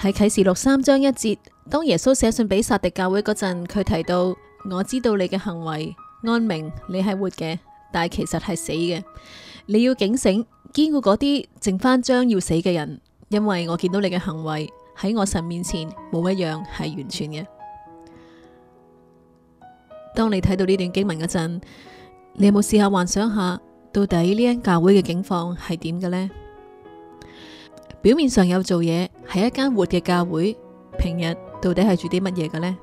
喺啟示錄三章一節，當耶穌寫信俾撒狄教會嗰陣，佢提到，我知道你嘅行為，按名你係活嘅，但係其實係死嘅。你要警醒，堅固嗰啲剩返將要死嘅人，因為我見到你嘅行為喺我神面前冇一樣係完全嘅。當你睇到呢段經文嗰陣，你有冇試下幻想下到底呢間教會嘅境況係點嘅呢？表面上有做嘢。喺一間活嘅教會，平日到底係做啲乜嘢嘅呢？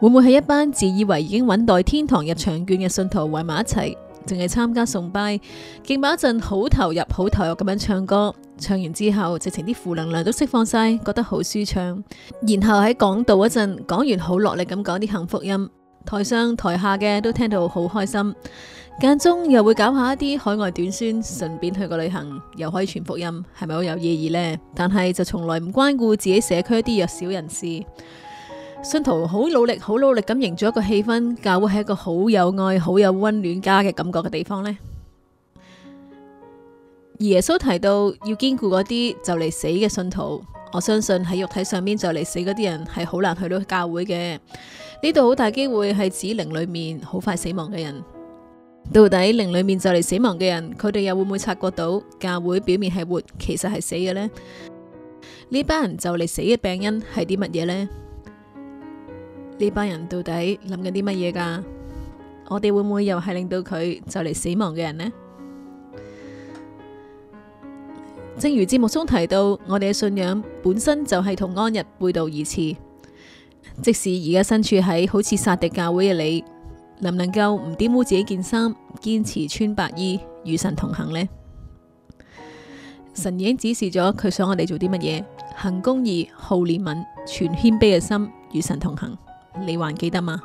會唔會係一班自以為已經穩袋天堂入場券嘅信徒圍埋一齊，淨係參加崇拜，敬拜一陣好投入、好投入咁樣唱歌，唱完之後直情啲負能量都釋放晒，覺得好舒暢，然後喺講道一陣講完好落力咁講啲幸福音，台上台下嘅都聽到好開心。間中又會搞下一啲海外短宣，順便去個旅行，又可以傳福音，係咪好有意義呢？但係就從來唔關顧自己社區一啲弱小人士，信徒好努力，好努力咁營造一個氣氛，教會係一個好有愛、好有溫暖家嘅感覺嘅地方呢。耶穌提到要堅固嗰啲就嚟死嘅信徒，我相信喺肉體上面就嚟死嗰啲人係好難去到教會嘅。呢度好大機會係指靈裏面好快死亡嘅人。到底靈裏面就嚟死亡嘅人，佢哋又會唔會察覺到教會表面係活，其實係死嘅呢？呢班人就嚟死嘅病因係啲乜嘢呢？呢班人到底諗緊啲乜嘢噶？我哋會唔會又係令到佢就嚟死亡嘅人呢？正如節目中提到，我哋嘅信仰本身就係同安逸背道而馳。即使而家身處喺好似撒狄教會嘅你。能唔能夠唔玷污自己件衫，堅持穿白衣與神同行呢？神已經指示咗佢想我哋做啲乜嘢，行公義、好憐憫、全謙卑嘅心與神同行。你還記得嗎？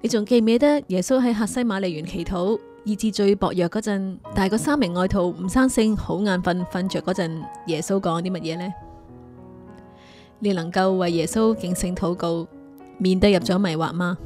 你仲記唔記得耶穌喺客西馬尼園祈禱，意志最薄弱嗰陣，大個三名愛徒唔生性，好眼瞓，瞓着嗰陣，耶穌講啲乜嘢呢？你能夠為耶穌敬虔禱告？免得入咗迷惑嗎？